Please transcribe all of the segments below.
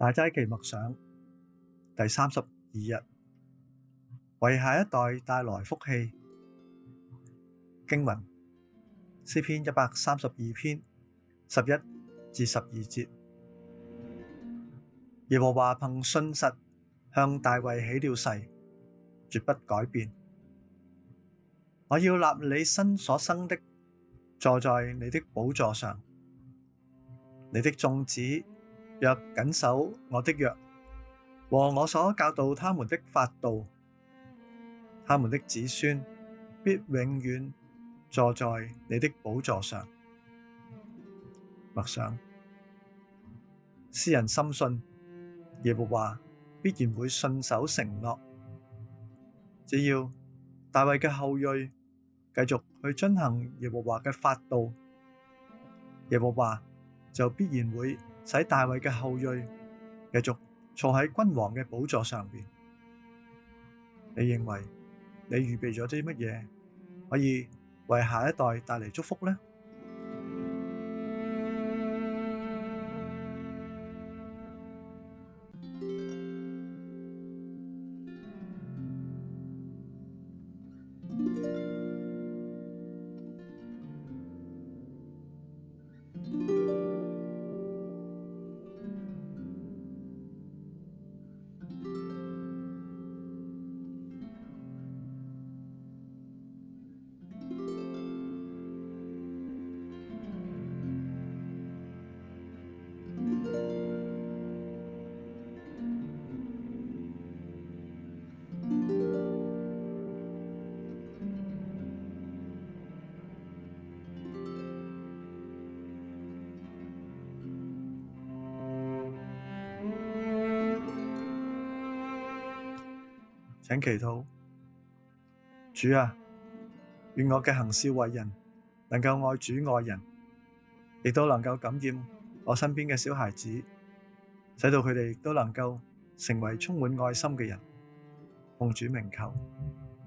大齋期默想第三十二日，為下一代帶來福氣。經文詩篇一百三十二篇十一至十二節。耶和華憑信實向大衛起了誓，絕不改變。我要立你身所生的坐在你的寶座上，你的眾子。若謹守我的約和我所教導他們的法度，他們的子孫必永遠坐在你的寶座上。默想，詩人深信耶和華必然會信守承諾，只要大衛嘅後裔繼續去遵行耶和華嘅法度，耶和華就必然會。使大衛嘅後裔繼續坐喺君王嘅寶座上邊。你認為你預備咗啲乜嘢可以為下一代帶嚟祝福呢？請祈禱，主啊，願我嘅行事為人能夠愛主愛人，亦都能夠感染我身邊嘅小孩子，使到佢哋都能夠成為充滿愛心嘅人。奉主名求，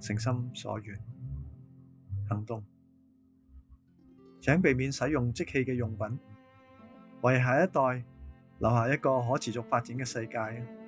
誠心所願，行動，請避免使用即棄嘅用品，為下一代留下一個可持續發展嘅世界。